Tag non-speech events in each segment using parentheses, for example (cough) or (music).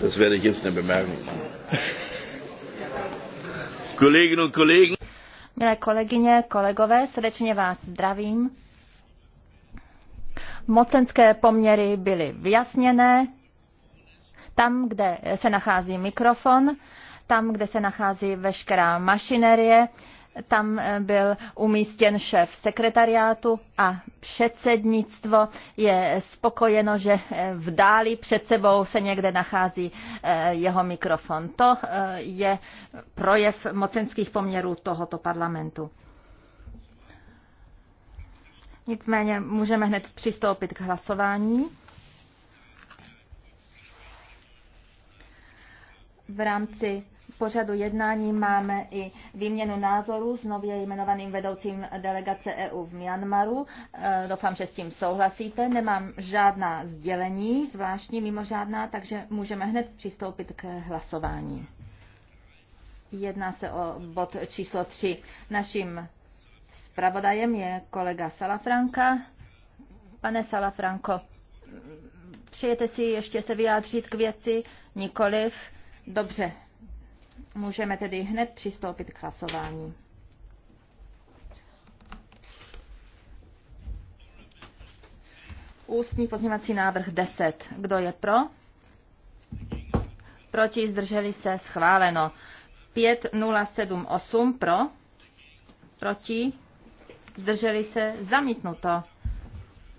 Das werde ich jetzt eine Bemerkung. (laughs) Kolleginnen und Kollegen. Milé kolegyně, kolegové, srdečně vás zdravím. Mocenské poměry byly vyjasněné. Tam, kde se nachází mikrofon, tam, kde se nachází veškerá mašinerie, tam eh, byl umístěn šéf sekretariátu a předsednictvo je spokojeno, že eh, v dáli před sebou se někde nachází eh, jeho mikrofon. To je projev mocenských poměrů tohoto parlamentu. Nicméně můžeme hned přistoupit k hlasování. V rámci pořadu jednání máme i výměnu názorů s nově jmenovaným vedoucím delegace EU v Myanmaru. E, doufám, že s tím souhlasíte. Nemám žádná sdělení, zvláštní žádná, takže můžeme hned přistoupit k hlasování. Jedná se o bod číslo 3. Naším zpravodajem je kolega Salafranka. Pane Salafranko, přejete si ještě se vyjádřit k věci? Nikoliv. Dobře, Můžeme tedy hned přistoupit k hlasování. Ústní pozměvací návrh 10. Kdo je pro? Proti zdrželi se schváleno. 5078 pro. Proti zdrželi se zamítnuto.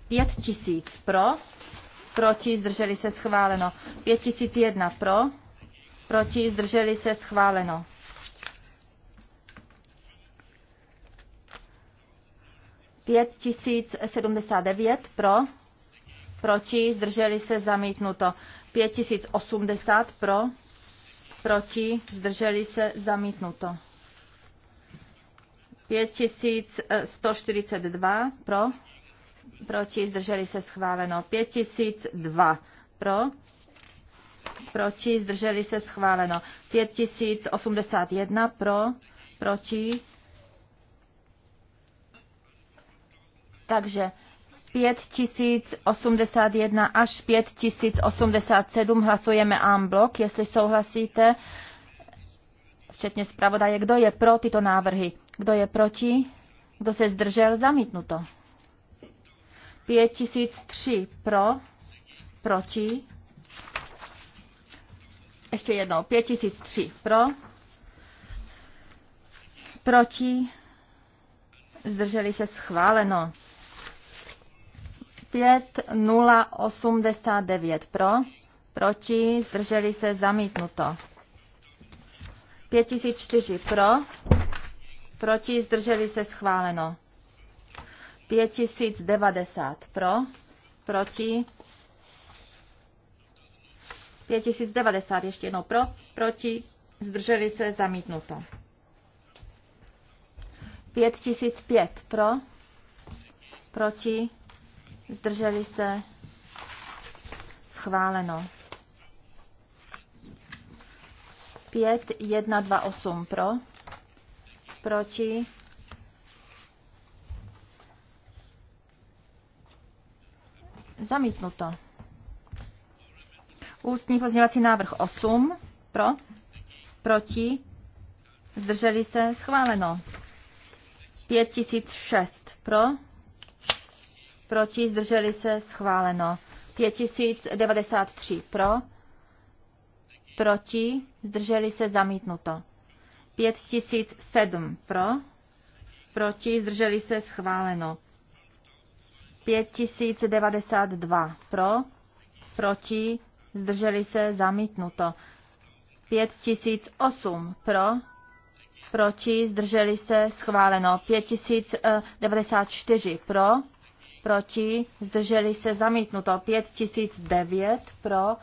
5000 pro. Proti zdrželi se schváleno. 5001 pro proti, zdrželi se, schváleno. Pět tisíc sedmdesát devět pro, proti, zdrželi se, zamítnuto. Pět tisíc osmdesát pro, proti, zdrželi se, zamítnuto. Pět tisíc sto čtyřicet dva pro, proti, zdrželi se schváleno. Pět tisíc dva pro, proti, zdrželi se schváleno. 5081 pro, proti. Takže 5081 až 5087 hlasujeme en blok, jestli souhlasíte, včetně zpravodaje. Kdo je pro tyto návrhy? Kdo je proti? Kdo se zdržel? Zamítnuto. 5003 pro, proti, ještě jednou. 5003 pro. Proti. Zdrželi se schváleno. 5089 pro. Proti. Zdrželi se zamítnuto. 5004 pro. Proti. Zdrželi se schváleno. 5090 pro. Proti 5090 ještě jednou pro, proti, zdrželi se, zamítnuto. 5005 pro, proti, zdrželi se, schváleno. 5128 pro, proti, zamítnuto. Ústní pozměňovací návrh 8. Pro? Proti? Zdrželi se? Schváleno. 5006. Pro? Proti? Zdrželi se? Schváleno. 5093. Pro? Proti? Zdrželi se? Zamítnuto. 5007. Pro? Proti? Zdrželi se? Schváleno. 5092. Pro? Proti? zdrželi se, zamítnuto. 5008 pro, proti, zdrželi se, schváleno. 5094 eh, pro, proti, zdrželi se, zamítnuto. 5009 pro,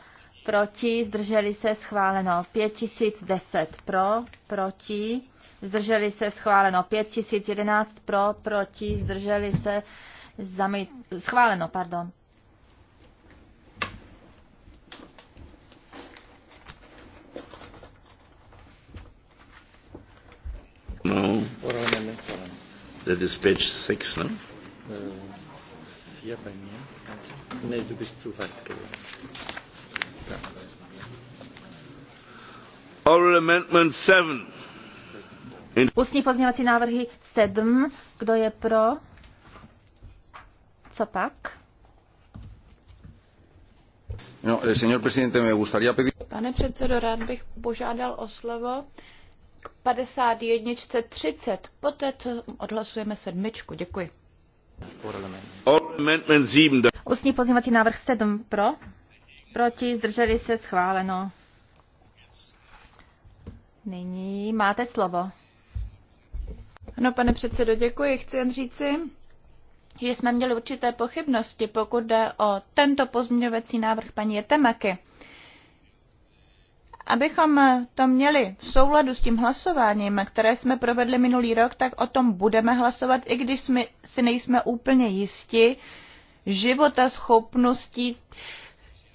proti, zdrželi se, schváleno. 5010 pro, proti, zdrželi se, schváleno. 5011 pro, proti, zdrželi se, zamít, schváleno, pardon. that is Page six. No? Eh, Oral Amendment seven. Ústní pozměňovací návrhy 7. Kdo je pro? Co pak? No, eh, señor presidente, me gustaría pedir... Pane předsedo, rád bych požádal o slovo. Uh, 51. 30. Poté, co odhlasujeme sedmičku. Děkuji. Ústní pozměňovací návrh 7 pro. Proti, zdrželi se, schváleno. Nyní máte slovo. Ano, pane předsedo, děkuji. Chci jen říci, že jsme měli určité pochybnosti, pokud jde o tento pozměňovací návrh paní Jetemaky. Abychom to měli v souladu s tím hlasováním, které jsme provedli minulý rok, tak o tom budeme hlasovat, i když jsme, si nejsme úplně jisti života schopností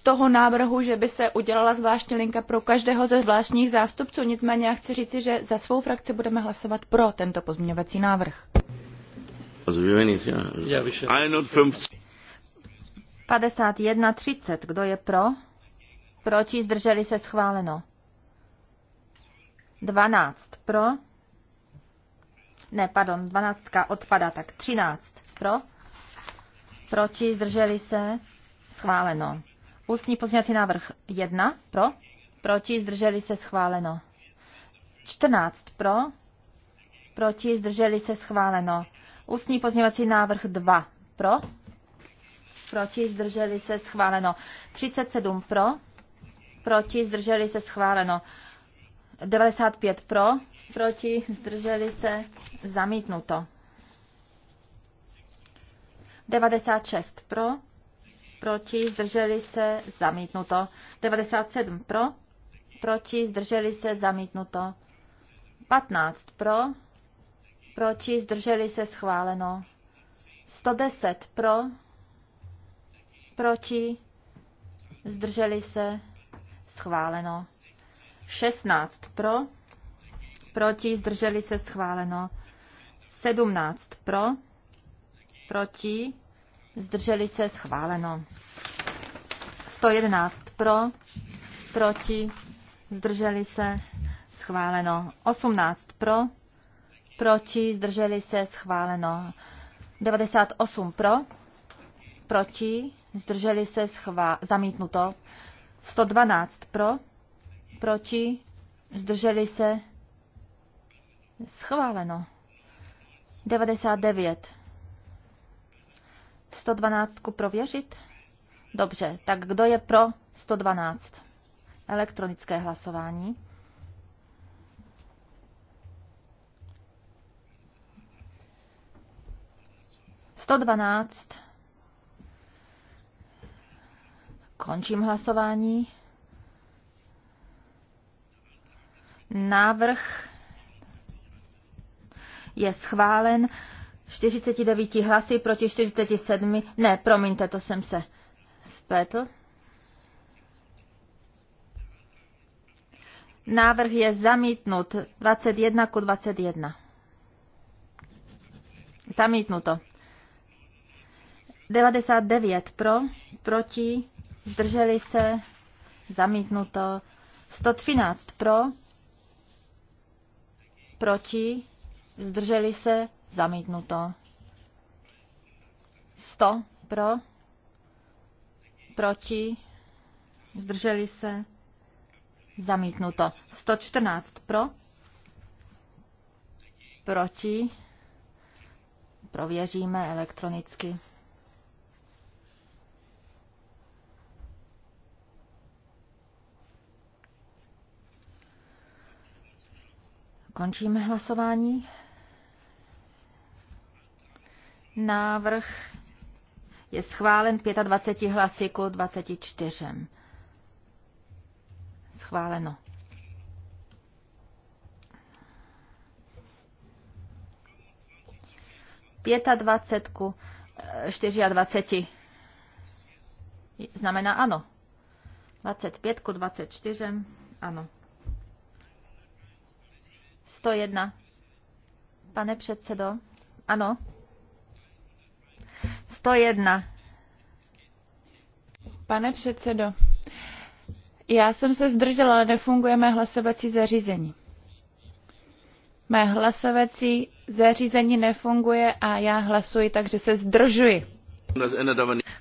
toho návrhu, že by se udělala zvláštní linka pro každého ze zvláštních zástupců. Nicméně já chci říci, že za svou frakci budeme hlasovat pro tento pozměňovací návrh. 51.30. Kdo je pro? proti, zdrželi se schváleno. 12 pro, ne, pardon, 12 odpada, tak 13 pro, proti, zdrželi se schváleno. Ústní pozměňovací návrh 1 pro, proti, zdrželi se schváleno. 14 pro, proti, zdrželi se schváleno. Ústní pozměňovací návrh 2 pro, proti, zdrželi se schváleno. 37 pro, proti, zdrželi se schváleno. 95 pro, proti, zdrželi se zamítnuto. 96 pro, proti, zdrželi se zamítnuto. 97 pro, proti, zdrželi se zamítnuto. 15 pro, proti, zdrželi se schváleno. 110 pro, proti, zdrželi se schváleno. 16 pro, proti, zdrželi se, schváleno. 17 pro, proti, zdrželi se, schváleno. 111 pro, proti, zdrželi se, schváleno. 18 pro, proti, zdrželi se, schváleno. 98 pro, proti, zdrželi se, schvá- zamítnuto. 112 pro, proti, zdrželi se, schváleno. 99. 112 prověřit? Dobře, tak kdo je pro 112? Elektronické hlasování. Sto dvanáct Končím hlasování. Návrh je schválen 49 hlasy proti 47. Ne, promiňte, to jsem se spletl. Návrh je zamítnut 21 ku 21. Zamítnuto. 99 pro, proti, zdrželi se, zamítnuto. 113 pro, proti, zdrželi se, zamítnuto. 100 pro, proti, zdrželi se, zamítnuto. 114 pro, proti, prověříme elektronicky. Končíme hlasování. Návrh je schválen 25 hlasy ku 24. Schváleno. a eh, dvaceti. Znamená ano. pětku, dvacet 24. Ano. 101. Pane předsedo, ano. 101. Pane předsedo, já jsem se zdržela, ale nefunguje mé hlasovací zařízení. Mé hlasovací zařízení nefunguje a já hlasuji, takže se zdržuji.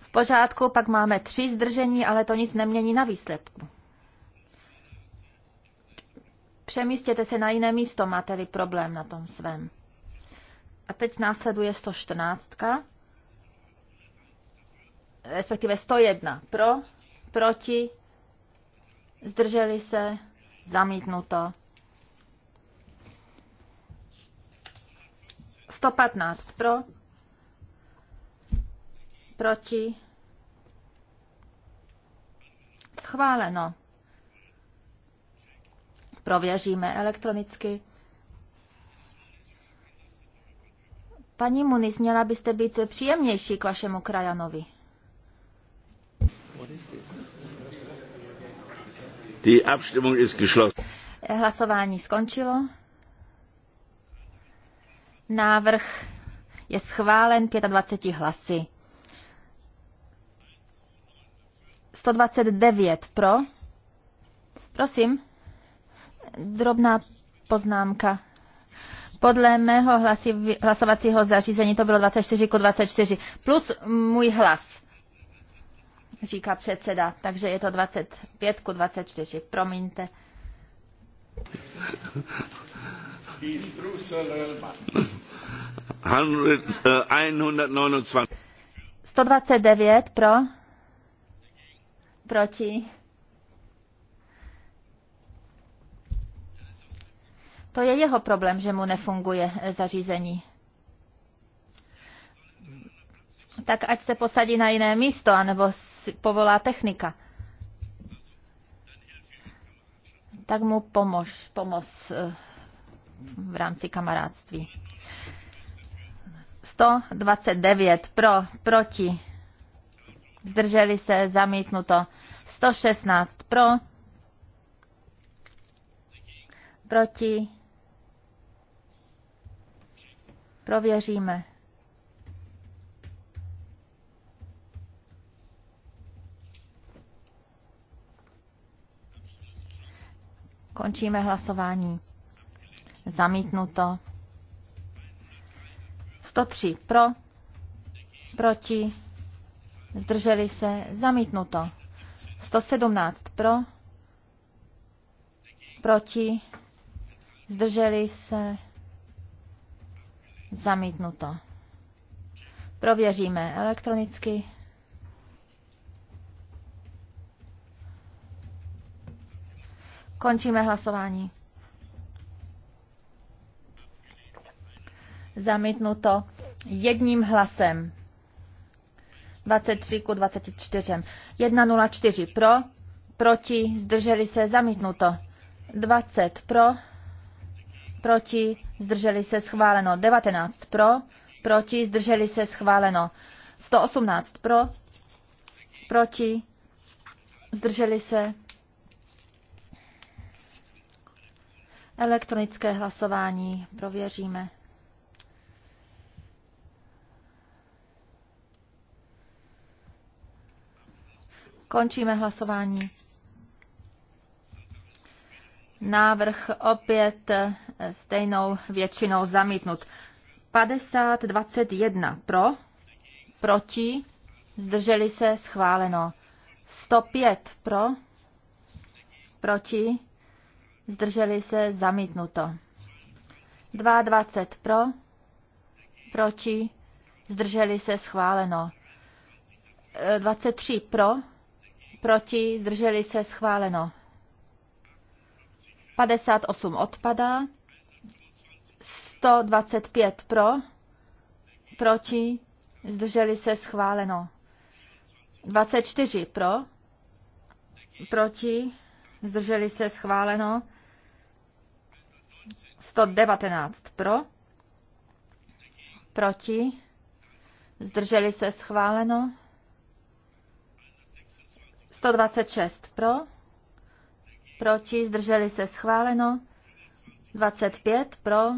V pořádku, pak máme tři zdržení, ale to nic nemění na výsledku. Přemístěte se na jiné místo, máte-li problém na tom svém. A teď následuje 114, respektive 101. Pro, proti, zdrželi se, zamítnuto. 115 pro, proti, schváleno. Prověříme elektronicky. Paní Muniz, měla byste být příjemnější k vašemu krajanovi. Die Abstimmung ist geschlossen. Hlasování skončilo. Návrh je schválen 25 hlasy. 129 pro. Prosím drobná poznámka. Podle mého hlasi, hlasovacího zařízení to bylo 24 ku 24 plus můj hlas, říká předseda, takže je to 25 ku 24. Promiňte. Hundred, uh, 129 pro, proti To je jeho problém, že mu nefunguje eh, zařízení. Tak ať se posadí na jiné místo, anebo povolá technika. Tak mu pomož, pomoz eh, v rámci kamarádství. 129 pro, proti, zdrželi se, zamítnuto. 116 pro, proti, Prověříme. Končíme hlasování. Zamítnuto. 103 pro, proti, zdrželi se, zamítnuto. 117 pro, proti, zdrželi se, Zamítnuto. Prověříme elektronicky. Končíme hlasování. Zamítnuto jedním hlasem. 23 ku 24. 104 pro, proti, zdrželi se, zamítnuto. 20 pro, proti, zdrželi se schváleno 19 pro, proti, zdrželi se schváleno 118 pro, proti, zdrželi se elektronické hlasování, prověříme. Končíme hlasování. Návrh opět eh, stejnou většinou zamítnut. 50-21 pro, proti, zdrželi se, schváleno. 105 pro, proti, zdrželi se, zamítnuto. 22 pro, proti, zdrželi se, schváleno. 23 eh, pro, proti, zdrželi se, schváleno. 58 odpadá. 125 pro, proti, zdrželi se schváleno. 24 pro, proti, zdrželi se schváleno. 119 pro, proti, zdrželi se schváleno. 126 pro, proti, zdrželi se schváleno, 25 pro,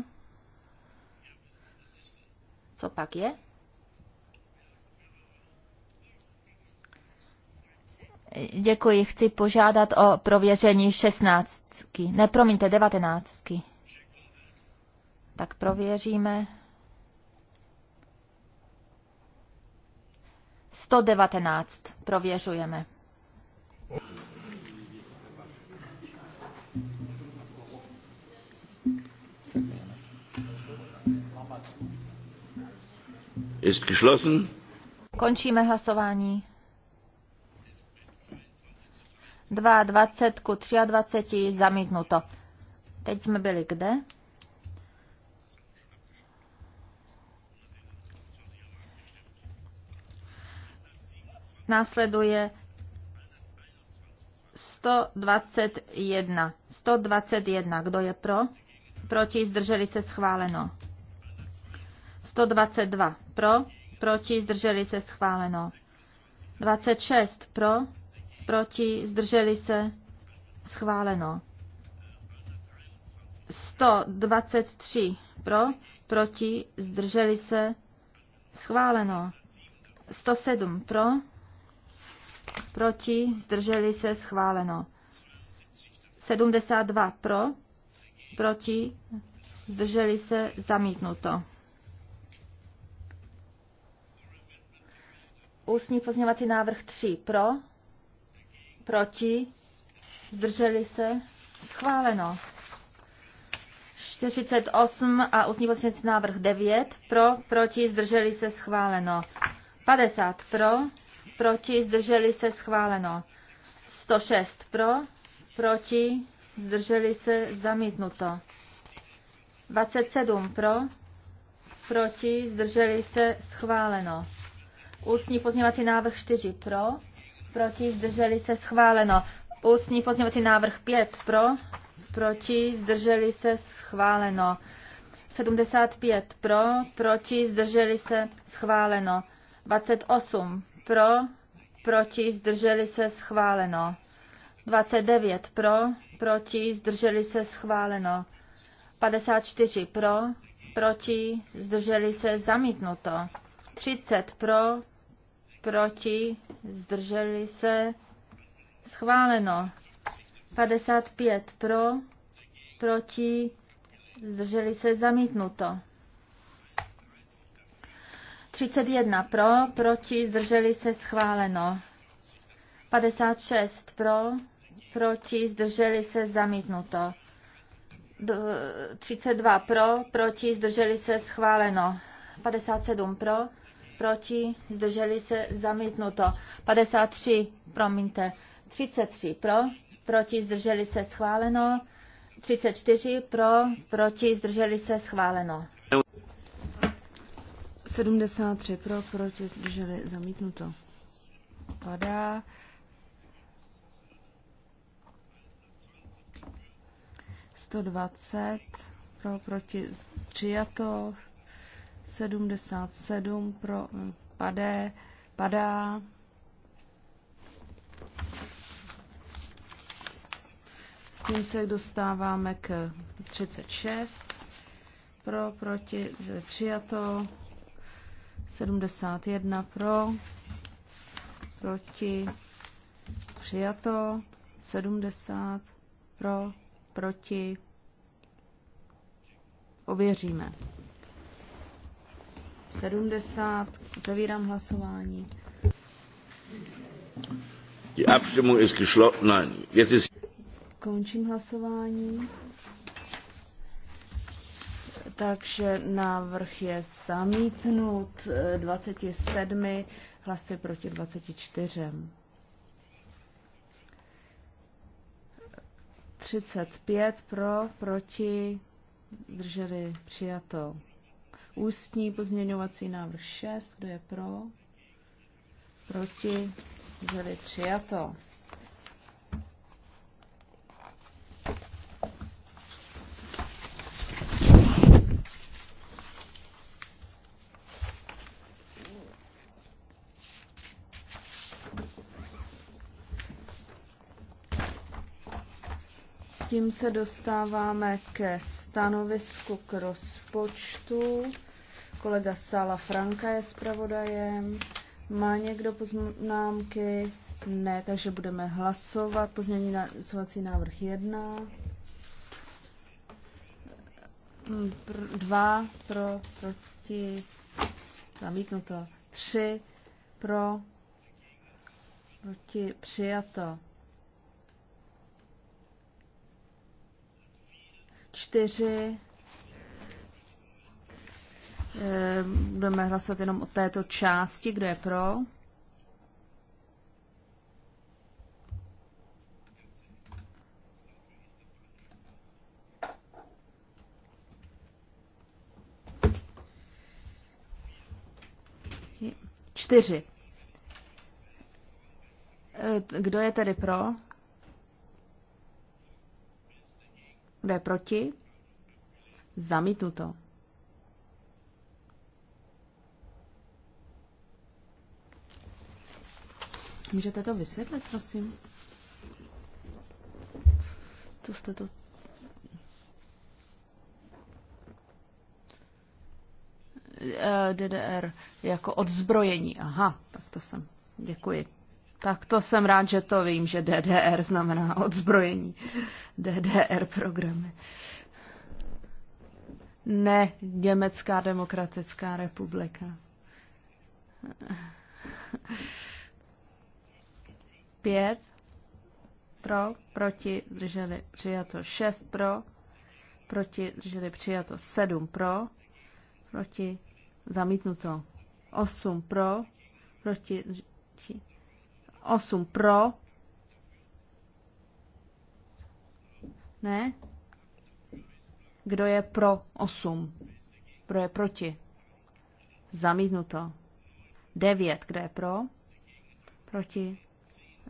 co pak je? Děkuji, chci požádat o prověření 16. Ne, promiňte, 19. Tak prověříme. 119 prověřujeme. Končíme hlasování. 22 ku 23 zamítnuto. Teď jsme byli kde? Následuje 121. 121. Kdo je pro? Proti zdrželi se schváleno. 122 pro, proti, zdrželi se schváleno. 26 pro, proti, zdrželi se schváleno. 123 pro, proti, zdrželi se schváleno. 107 pro, proti, zdrželi se schváleno. 72 pro, proti, zdrželi se zamítnuto. Ústní pozměňovací návrh 3 pro, proti, zdrželi se, schváleno. 48 a ústní pozměňovací návrh 9 pro, proti, zdrželi se, schváleno. 50 pro, proti, zdrželi se, schváleno. 106 pro, proti, zdrželi se, zamítnuto. 27 pro, proti, zdrželi se, schváleno. Ústní pozměňovací návrh 4 pro, proti zdrželi se schváleno. Ústní pozměňovací návrh 5 pro, proti zdrželi se schváleno. 75 pro, proti zdrželi se schváleno. 28 pro, proti zdrželi se schváleno. 29 pro, proti zdrželi se schváleno. 54 pro, proti zdrželi se zamítnuto. 30 pro, proti, zdrželi se, schváleno. 55 pro, proti, zdrželi se, zamítnuto. 31 pro, proti, zdrželi se, schváleno. 56 pro, proti, zdrželi se, zamítnuto. 32 pro, proti, zdrželi se, schváleno. 57 pro, proti, zdrželi se, zamítnuto. 53, promiňte, 33 pro, proti, zdrželi se, schváleno. 34 pro, proti, zdrželi se, schváleno. 73 pro, proti, zdrželi, zamítnuto. Padá. Sto dvacet pro, proti, přijato. 77 pro eh, padé, padá. Tím se dostáváme k 36. Pro, proti, přijato. 71 pro, proti, přijato. 70 pro, proti. Ověříme. 70. Otevírám hlasování. Die Abstimmung ist geschlossen. Nein, jetzt ist... Končím hlasování. Takže návrh je zamítnut 27 hlasy proti 24. 35 pro, proti, drželi přijato. Ústní pozměňovací návrh 6. Kdo je pro? Proti? Byli přijato. Tím se dostáváme ke stanovisku k rozpočtu. Kolega Sala Franka je zpravodajem. Má někdo poznámky? Ne, takže budeme hlasovat. Pozměňovací návrh 1. 2 hmm, pro, proti, zamítnuto. 3 pro, proti, přijato. čtyři, eh, Budeme hlasovat jenom o této části, kdo je pro. Čtyři. Eh, kdo je tedy pro? Kdo je proti? Zamítnuto. Můžete to vysvětlit, prosím? To jste to... Eh, DDR jako odzbrojení. Aha, tak to jsem. Děkuji. Tak to jsem rád, že to vím, že DDR znamená odzbrojení. DDR programy. Ne Německá demokratická republika. Pět pro, proti, drželi přijato šest pro, proti, drželi přijato sedm pro, proti, zamítnuto osm pro, proti, drželi, 8 pro. Ne? Kdo je pro 8? Kdo je proti? Zamítnuto. 9. Kdo je pro? Proti.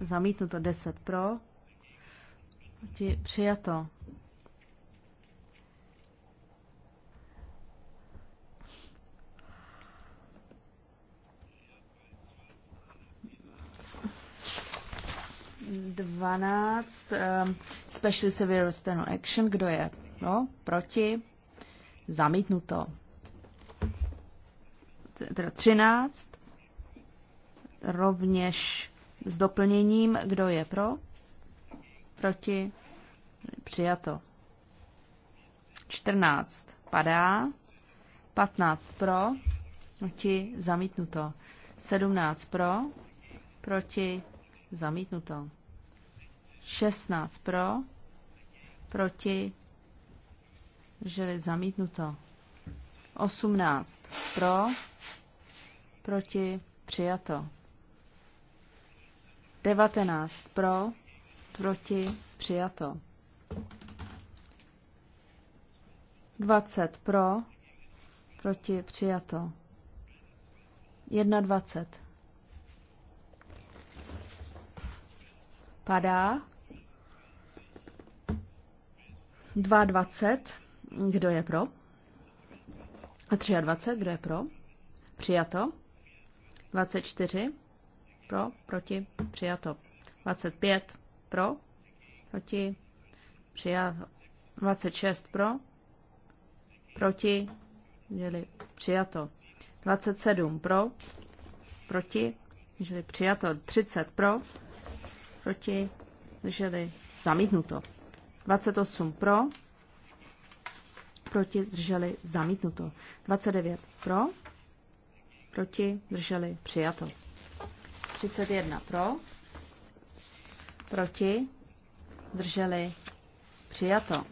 Zamítnuto. 10 pro. Proti. Přijato. 12, um, ehm, Special Severe External Action, kdo je no, proti, zamítnuto. Teda 13, rovněž s doplněním, kdo je pro, proti, přijato. 14 padá, 15 pro, proti, zamítnuto. 17 pro, proti, zamítnuto. 16 pro, proti, žili zamítnuto. 18 pro, proti, přijato. 19 pro, proti, přijato. 20 pro, proti, přijato. 21. Padá. 2,20, kdo je pro? A 23, kdo je pro? Přijato. 24, pro, proti, přijato. 25, pro, proti, přijato. 26, pro, proti, měli přijato. 27, pro, proti, měli přijato. 30, pro, proti, drželi zamítnuto. 28 pro, proti, zdrželi, zamítnuto. 29 pro, proti, zdrželi, přijato. 31 pro, proti, zdrželi, přijato.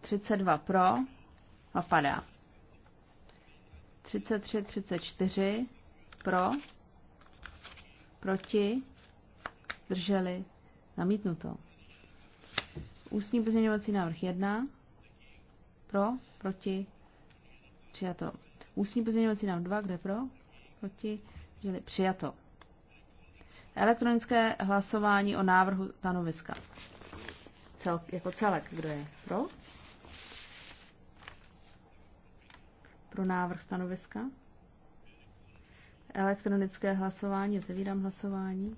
32 pro a padá. 33, 34 pro, proti, drželi, namítnuto. Ústní pozměňovací návrh 1. Pro, proti, přijato. Ústní pozměňovací návrh 2, kde pro, proti, žili, přijato. Elektronické hlasování o návrhu stanoviska. Cel, jako celek, kdo je pro? Pro návrh stanoviska. Elektronické hlasování, otevírám hlasování.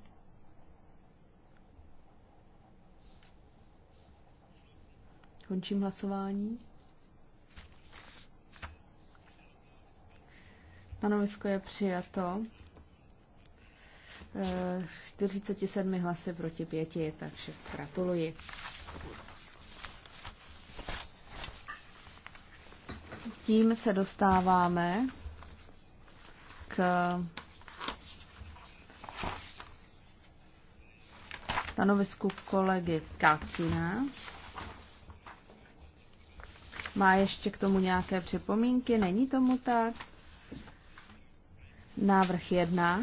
Končím hlasování. Stanovisko je přijato. 47 eh, hlasy proti 5, takže gratuluji. Tím se dostáváme k stanovisku kolegy Kacina. Má ještě k tomu nějaké připomínky? Není tomu tak? Návrh 1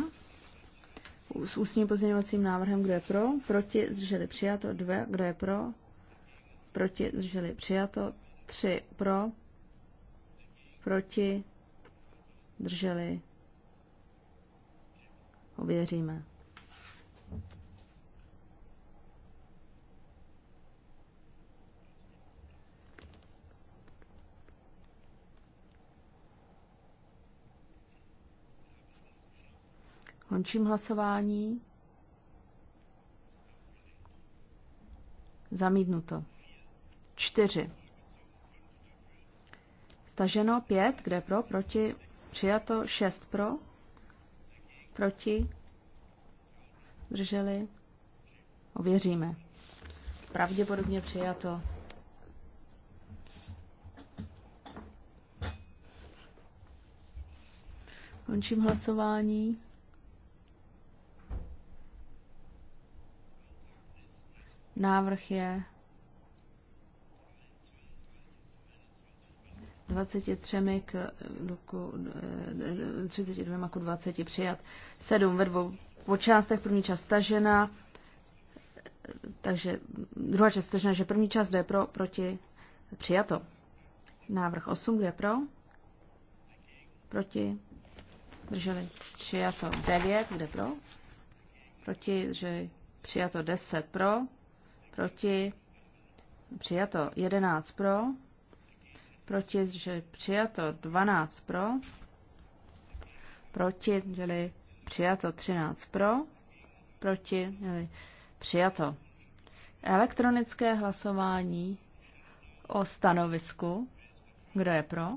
s ústním pozměňovacím návrhem, kdo je pro, proti, zdrželi přijato, 2, kdo je pro, proti, zdrželi přijato, 3 pro, proti, drželi, ověříme. Končím hlasování. Zamítnuto. Čtyři. Staženo pět, kde pro, proti, přijato šest pro, proti, drželi, ověříme. Pravděpodobně přijato. Končím hlasování. Návrh je 23 k 32 k 20 přijat. 7 ve dvou po částech, první část stažena, takže druhá část stažena, že první část jde pro, proti, přijato. Návrh 8, kde pro, proti, drželi, přijato 9, kde pro, proti, že přijato 10 pro, proti, přijato 11 pro, proti, že přijato 12 pro, proti, že přijato 13 pro, proti, že přijato. Elektronické hlasování o stanovisku. Kdo je pro?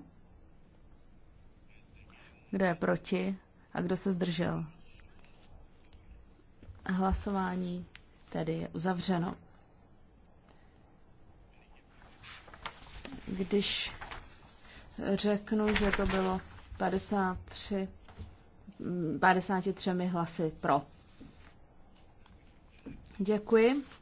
Kdo je proti? A kdo se zdržel? Hlasování tedy je uzavřeno. Když řeknu, že to bylo 53, 53 mm, hlasy pro. Děkuji.